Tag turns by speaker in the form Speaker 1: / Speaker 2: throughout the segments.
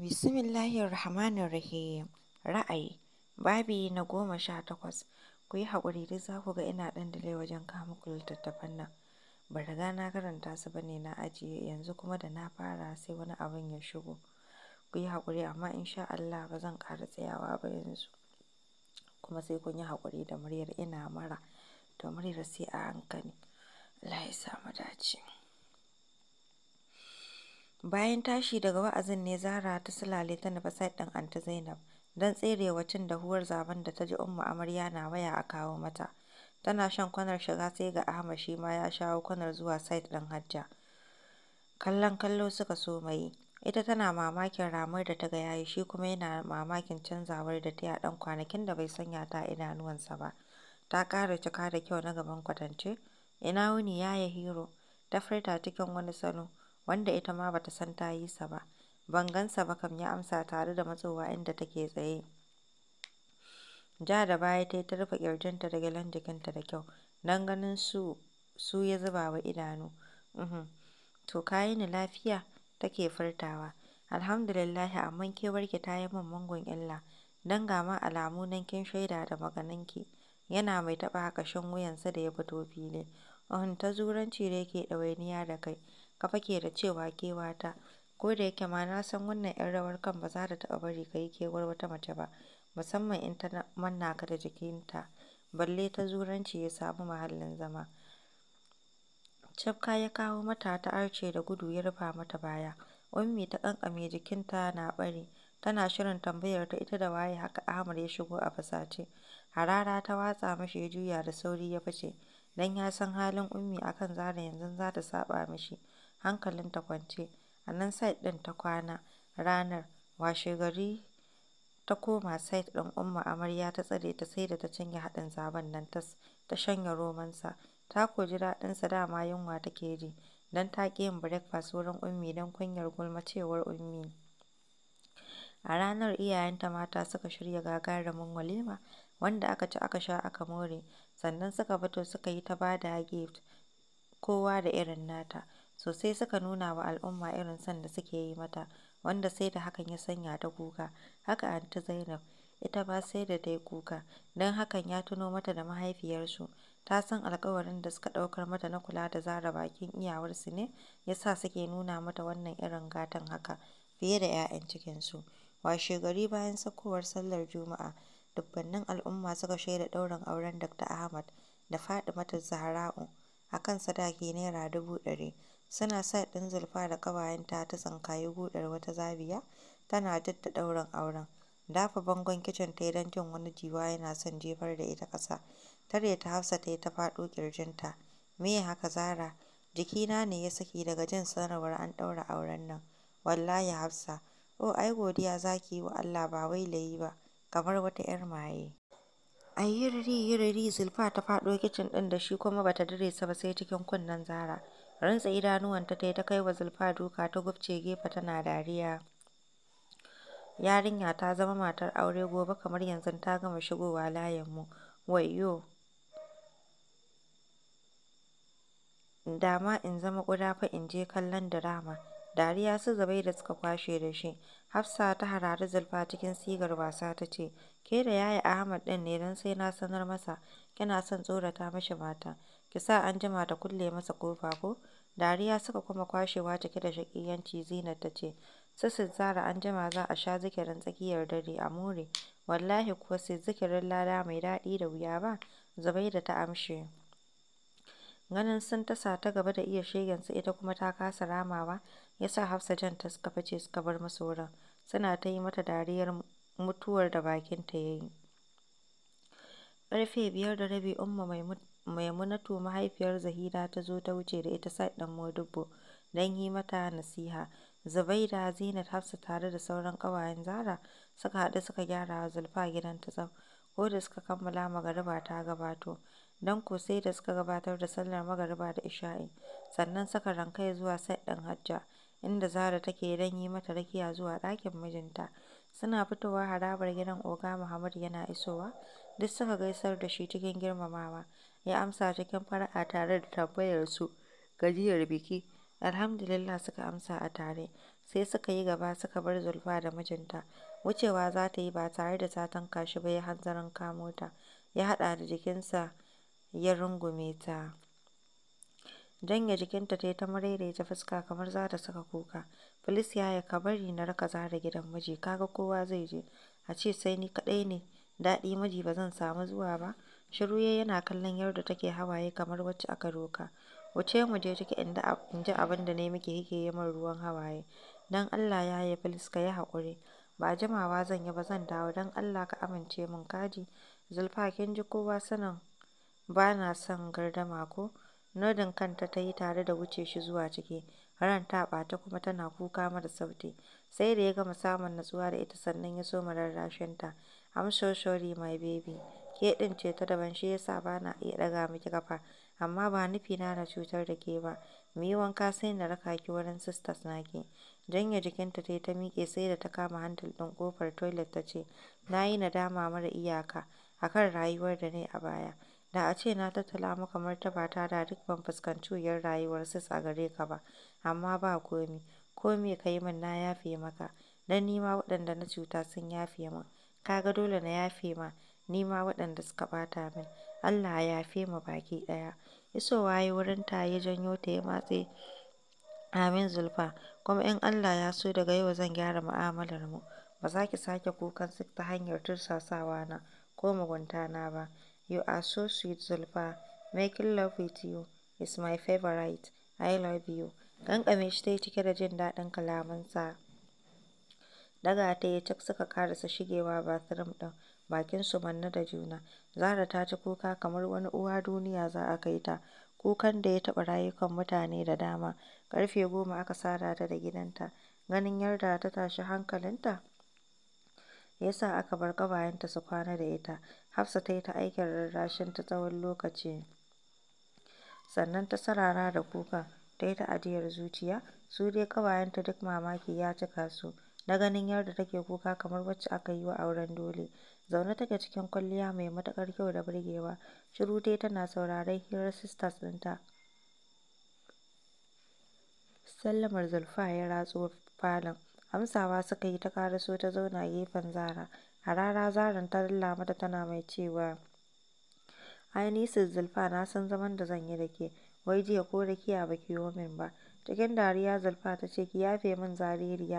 Speaker 1: Bismillahirrahmanirrahim. Ra'ayi. Babi na goma sha takwas. Ku yi haƙuri duk za ku ga ina ɗan delay wajen kawo muku littattafan nan. Ban riga na karanta su ba ne na ajiye yanzu kuma da na fara sai wani abin ya shigo. Ku yi haƙuri amma insha Allah ba zan ƙara tsayawa ba yanzu. Kuma sai kun yi haƙuri da muryar ina mara, to muryar sai a hankali. Allah ya sa dace. Bayan tashi daga wa'azin ne Zahra ta sulale ta nufi site ɗin Anta Zainab don tserewa cin dahuwar zaben da ta ji Umma Amarya na waya a kawo mata. Tana shan kwanar shiga sai ga Ahmad shi ma ya shawo kwanar zuwa site ɗin Hajja. Kallon kallo suka so yi. Ita tana mamakin ramar da ta ga yayi shi kuma yana mamakin canzawar da ta yi a ɗan kwanakin da bai sanya ta idanuwansa ba. Ta ƙara cika da kyau na gaban kwatance. Ina wuni yaye Hero? Ta furta cikin wani salo. wanda ita ma bata san ta yi sa ba. Ban gansa ba kam, ya amsa tare da matsowa inda take tsaye. Ja da baya ta yi ta rufe ƙirjinta da gyalen jikinta da kyau, don ganin su su ya zuba wa idanu. Uhm, to ka ni lafiya? take furtawa. Alhamdulillah, amma warke ta yi min mungun illa, dan ga ma alamu nan kin shaida da maganinki. Yana mai taɓa hakashin wuyansa da ya fito fili. Uhun ta zuranci da yake ɗawainiya da kai, ka fake da cewa kewata. Ko da yake ma na san wannan 'yan rawar kan ba za ta taɓa bari ka yi kewar wata mace ba, musamman in ta manna ka da jikinta, balle ta zuranci ya samu mahallin zama. Cafka ya kawo mata ta arce da gudu ya rufa mata baya. Ummi ta kankame jikinta na ɓari, tana shirin tambayar ta ita da waye haka Ahmad ya shigo a fasace. Harara ta watsa mashi ya juya da sauri ya fice, Dan ya san halin Ummi akan kan Zara yanzu za ta saɓa mashi. hankalin ta kwance. A nan site ɗin ta kwana ranar, washe gari ta koma site ɗin Umma Amarya ta tsare ta sai da ta cinye haɗin zaben nan ta shanye sa Ta ko ji sa dama yunwa take ji, don ta ƙi yin breakfast wurin Ummi don kunyar gulma cewar Ummi. A ranar iyayenta mata suka shirya gagarumin walima, wanda aka ci aka sha aka more, sannan suka fito suka yi ta ba da gift, kowa da irin nata. sosai suka nuna wa al'umma irin son da suke yi mata, wanda sai da hakan ya sanya ta kuka. Haka anta Zainab, ita ba sai da ta yi kuka, don hakan ya tuno mata da mahaifiyarsu. Ta san alkawarin da suka ɗaukar mata na kula da zara bakin iyawarsu ne ya sa suke nuna mata wannan irin gatan haka, fiye da 'ya'yan cikinsu. Washegari bayan saukowar sallar Juma'a, dubbannin al'umma suka shaida ɗaurin auren Dr. Ahmad da fadi mata Zahra'u a kan sadaki Naira dubu ɗari. Suna sa ɗin Zulfa da ƙawayenta ta tsinkaye guɗar wata zabiya tana jidda ɗaurin auren. Dafa bangon kicin ta yi don jin wani jiwa yana son jefar da ita ƙasa. Tare ta Hafsa ta yi ta faɗo ƙirjinta. Me haka Zara? Jikina ne ya saki daga jin sanarwar an ɗaura auren nan. Wallahi Hafsa, o oh, ai godiya zaki yi wa Allah ba wai layi ba, kamar wata 'yar maye. Ai yi riri Zulfa ta faɗo kicin ɗin da shi kuma bata dire sa ba sai cikin kunnen Zara. Rantsa idanuwanta ta yi ta kai wa Zulfa duka ta gubce gefe tana dariya. Yarinya ta zama matar aure gobe kamar yanzu ta gama shigowa layinmu. Wai Da Dama in zama ƙuda fa in je kallon dirama. Dariya su da suka kwashe da shi. Hafsa ta harari Zulfa cikin sigar wasa ta ce, Ke da yaya Ahmad ɗin ne don sai na sanar masa, kina son tsorata mashi mata, ki sa an jima ta kulle masa kofa ko? Dariya suka kuma kwashewa cike da shaƙiyanci, Zinat ta ce, zara Sizzara an jima za a sha zikirin tsakiyar dare a more, wallahi kuwa sai zikirin lada mai daɗi da wuya ba, Zubaida ta amshe. Ganin sun tasa ta gaba da iya shegensu ita kuma ta kasa ramawa, ya sa Hafsa jan ta suka fice suka bar musu wurin, suna ta yi mata dariyar mutuwar da bakinta ya yi. Ƙarfe biyar da rabi Umma mutu Maimunatu mahaifiyar Zahira ta zo ta wuce da ita Sa'id ɗin Modibo Dan yi mata nasiha. Zubaida, Zinat, hafsa tare da sauran ƙawayen zara suka haɗu suka gyara wa Zulfa ta tsaf. Ko da suka kammala magariba ta gabato, dan ko sai da suka gabatar da sallar magariba da isha'i, sannan suka rankai zuwa side ɗin Hajja, inda zara take don yi mata rakiya zuwa ɗakin mijinta. Suna fitowa harabar gidan Oga Muhammad yana isowa, duk suka gaisar da shi cikin girmamawa. ya amsa cikin fara'a tare da tambayar su gajiyar biki. Alhamdulillah suka amsa a tare, sai suka yi gaba suka bar Zulfa da mijinta. Wucewa za ta yi ba tare da ta tanka shi ba ya hanzarin kamo ta, ya hada da jikinsa ya rungume ta. Janye jikinta ta yi ta maraidaita fuska kamar za ta saka kuka. Filis ya yi ka bari na raka Zara gidan miji, kaga kowa zai je. A ce sai ni kadai ne, daɗi miji ba zan samu zuwa ba. Shiru yana kallon Yarda take hawaye kamar wacce aka doka. Wuce mu je inda in ji abin da ne yi miki min ruwan hawaye. dan Allah yi Bills ka yi haƙuri. Ba jimawa zan yi ba zan dawo dan Allah ka amince min kaji. Zulfa kin ji kowa sanin ba na son gardama ko? Nodin kanta ta yi tare da wuce shi zuwa ciki. Ran ta ɓata kuma tana kuka mara sauti. Sai da ya gama samun natsuwa da ita sannan ya so mararrashinta. I'm so sorry my baby. ke ɗin ce ta daban shi yasa ba na iya ɗaga miki kafa amma ba nufi na na cutar da ke ba mu yi wanka sai na raka ki wurin sisters naki janye jikinta ta ta miƙe sai da ta kama handle ɗin ƙofar toilet ta ce na yi nadama mara iyaka akan rayuwar da ne a baya da a ce na tattala maka martaba ta da duk ban fuskanci wuyar rayuwar sis a gare ka ba amma ba komi ko me ka yi min na yafe maka dan nima waɗanda na cuta sun yafe min kaga dole na yafe ma ni ma waɗanda suka ɓata min. Allah ya yafe mu baki ɗaya. Isowa yayi wurin ta ya janyo ta ya matse Amin Zulfa kuma in Allah ya so daga yau zan gyara mu'amalar mu. Ba za ki sake kukan su ta hanyar tursasawa na ko mugunta na ba. You are so sweet Zulfa. Making love with you is my favorite. I love you. Kankame shi ta yi cike da jin daɗin kalamansa. Daga ta ya cak suka karasa shigewa bathroom ɗin. bakinsu manne da juna. Zara ta ji kuka kamar wani uwa duniya za a kai ta, kukan da ya taɓa rayukan mutane da dama. Karfe goma aka sada ta da gidanta. Ganin yarda ta tashi hankalinta ya sa aka bar ƙawayenta su kwana da ita. Hafsa ta yi ta aikin rarrashin ta tsawon lokaci, sannan ta sarara da kuka. ta yi ta ajiyar zuciya. Su dai ƙawayenta duk mamaki ya cika su. na ganin yadda take kuka kamar wacce aka yi wa auren dole. Zaune take cikin kwalliya mai matuƙar kyau da burgewa, shiru dai tana saurare hirar sisters ɗinta. Sallamar Zulfa ya ratso falon, amsawa suka yi ta karaso ta zauna gefen Zara. Harara Zaran ta rilla mata tana mai cewa, "Ai Zulfa na san zaman da zan yi da ke, wai jiya ko rakiya ba ki yomin ba." Cikin dariya Zulfa ta ce, ki yafe min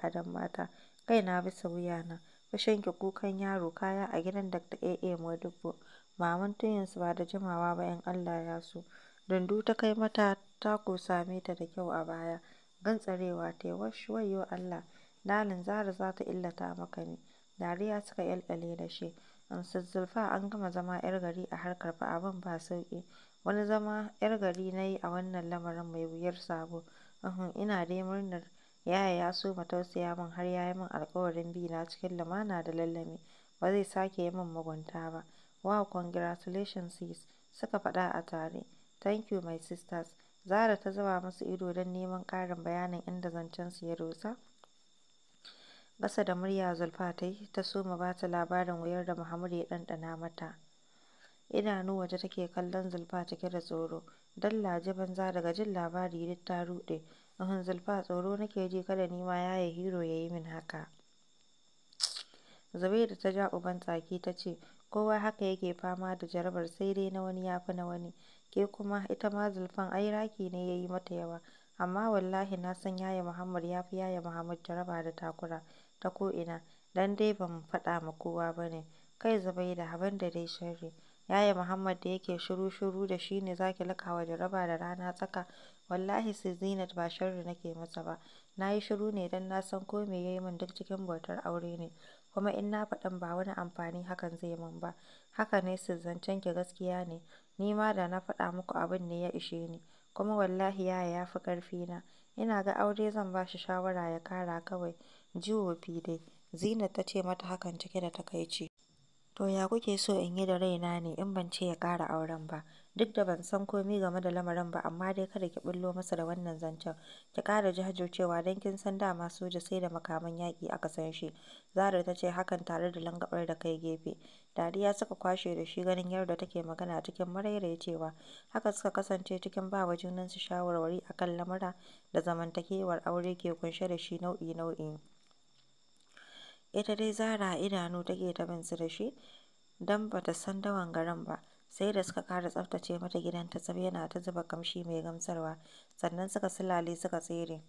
Speaker 1: a dan mata, na bisa wuya na. fushinki kukan yaro, kaya a gidan Dr. A.A. modibo maman cinyinsu ba da jimawa ba in Allah ya so. Dundu ta kai mata ta ko same ta da kyau a baya, gantsarewa yi wash wayo Allah, dalin Zara za ta illata maka ne. Dariya suka ƙyalƙyale da shi. amsa Zulfa an gama zama 'yar gari a harkar fa abin ba sauki Wani zama 'yar gari na yi a wannan lamarin mai wuyar sabo. Uhmm, ina dai murnar Yaya ya soma tausaya min har ya yi min alkawarin bi na cikin lumana da lallami, ba zai sake yi min mugunta ba. Wow! Congratulations sis, suka faɗa a tare. Thank you my sisters. Zara ta zuba musu ido don neman ƙarin bayanin inda zancen su ya dosa. gasa da murya Zulfa ta yi, ta soma ba ta labarin wuyar da Muhammadu ya ɗanɗana mata. idanu waje take kallon Zulfa cike da tsoro. Dallaje banza daga jin labari duk ta ruɗe. Uhun Zulfa tsoro nake ji kada ni ma yaye hero ya yi min haka. Zubairu ta ja uban tsaki ta ce, kowa haka yake fama da jarabar sai dai na wani ya fi na wani. Ke kuma ita ma Zulfan ai raki ne ya yi mata yawa. Amma wallahi na san yaya Muhammad ya fi yaya Muhammad jaraba da takura ta ko ina Dan dai ban faɗa ma kowa ba ne. Kai da abin da dai sharri. Yaya Muhammad da yake shiru-shiru da shi ne zaki ki wa jaraba da rana tsaka, wallahi Ms Zinat ba sharri nake masa ba, na yi shiru ne don na san ko me ya yi min duk cikin bautar aure ne, kuma in na faɗin ba wani amfani hakan zai min ba, haka ne su zancen ki gaskiya ne, ni ma da na faɗa muku abin ne ya ishe ni, kuma wallahi Yaya ya fi na ina ga aure zan ba shi shawara ya kara kawai, Jiwo fi dai, Zinat ta ce mata hakan cike da takaici. To ya kuke so in yi da raina ne in ban ce ya ƙara auren ba? Duk da ban san komi game da lamarin ba amma dai kada ki ɓullo masa da wannan zancen, ki ƙara jajircewa don kin san dama soja sai da makaman yaƙi aka san shi. Zara ta ce hakan tare da langabar da kai gefe. Dariya suka kwashe da shi ganin yadda take magana cikin maraicewa. Haka suka kasance cikin ba wa junansu shawarwari a kan lamura da zamantakewar aure ke kunshe da shi nau'i-nau'i. Ita dai Zara a idanu take ta bin su da shi, don ba ta san dawan garin ba, sai da suka kara tsaftace mata gidan ta tsaf yana ta zuba kamshi mai gamsarwa, sannan suka silale suka tsere.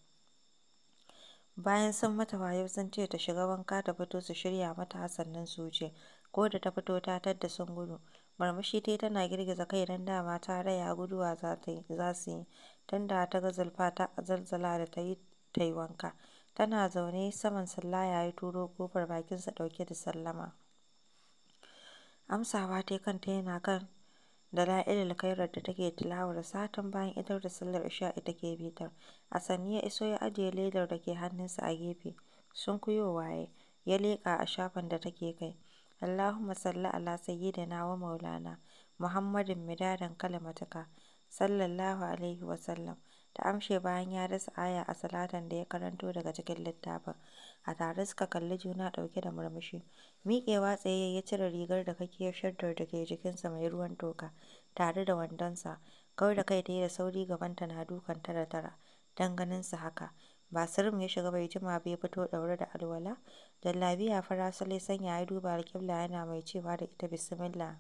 Speaker 1: Bayan sun mata wayo sun ce ta shiga wanka ta fito su shirya mata sannan su wuce, ko da ta fito ta tadda sun gudu. marmashi tai tana girgiza kai don dama ta raya guduwa za su yi, tunda ta ga Zulfa ta zalzala da ta yi wanka. Tana zaune saman sallah ya turo ƙofar bakinsa ɗauke da sallama. Amsawa ta kanta yana kan dala'ilil khairar da take tilawar satan bayan idar da sallar ita ke bitar. A sanni ya iso ya ajiye ledar da ke hannunsa a gefe. Sunkuyo waye, ya leƙa a shafin da take kai. Allahumma salli ala sayyidina wa maulana Muhammadin midadan kalimatuka sallallahu alaihi wa sallam. ta amshe bayan ya dasa aya a salatan da ya karanto daga cikin littafin. A tare suka kalli juna dauke da murmushi. Miƙewa tsaye ya cire rigar da kake shaddar da ke jikinsa mai ruwan toka tare da wandonsa. Kawai da kai ta yi da sauri gabanta na dukan tara tara don ganinsa haka. Ba sirrin ya shiga bai jima bai fito daure da alwala. Jallabiya fara sanya ya duba alƙibla yana mai cewa da ita bismillah.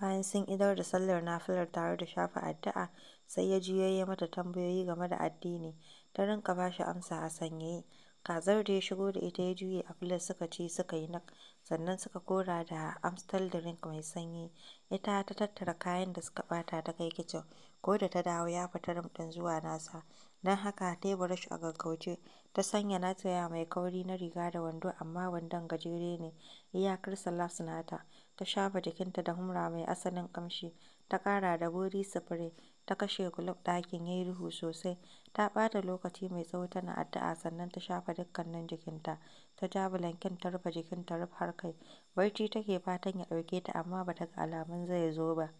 Speaker 1: Bayan sun idar da sallar nafilar tare da shafe addu'a, sai ya juyo ya mata tambayoyi game da addini, ta rinka ba shi amsa a sanyaye. Kazar da ya shigo da ita ya juye a filas suka ci suka yi nak, sannan suka kora da Amstel Drink mai sanyi. Ita ta tattara kayan da suka bata ta kai kicin, ko da ta dawo ya fita da ɗin zuwa nasa. Don haka ta a gaggauce, ta sanya nata mai kauri na riga da wando amma wandon gajere ne iyakarsa labs Sinata ta shafa jikinta da humra mai asalin kamshi ta kara da buri spray, ta kashe kulob ɗakin yi ruhu sosai, ta ɓata lokaci mai tsawo tana addu'a sannan ta shafa dukkanin jikinta, ta ja bulankin ta rufe jikinta rufe har kai, barci take fatan ya ɗauke ta amma ba ta ga alamun zai zo ba.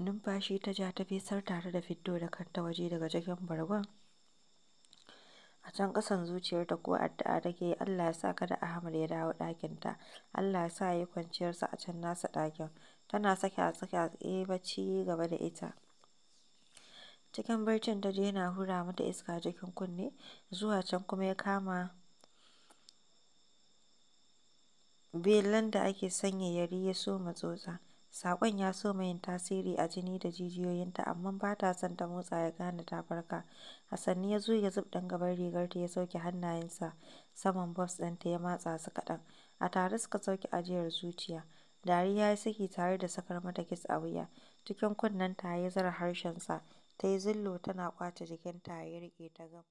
Speaker 1: numfashi ta ja ta fesar tare da fito da kanta waje daga cikin bargon a can ƙasan zuciyarta ko addu'a take Allah ya sa kada Ahmad ya dawo ɗakin ta Allah ya sa ya yi kwanciyarsa a can nasa ɗakin tana saka a sake a tsaye bacci gaba da ita cikin barcin ta je yana hura mata iska cikin kunne zuwa can kuma ya kama belan da ake sanya yari ya so matsotsa Saƙon ya so ma yin tasiri a jini da jijiyoyinta amma ba ta son ta motsa ya gane ta farka, a sannu ya zuge zub ɗin gaban rigarta ya sauke hannayensa saman bobs ɗinta ya matsa su kaɗan, a tare suka sauke ajiyar zuciya, dariya ya saki tare da sakar mata a wuya, cikin kunnenta ya zara harshensa, ta yi zullo tana ƙwace jikinta ya rike ta gaba.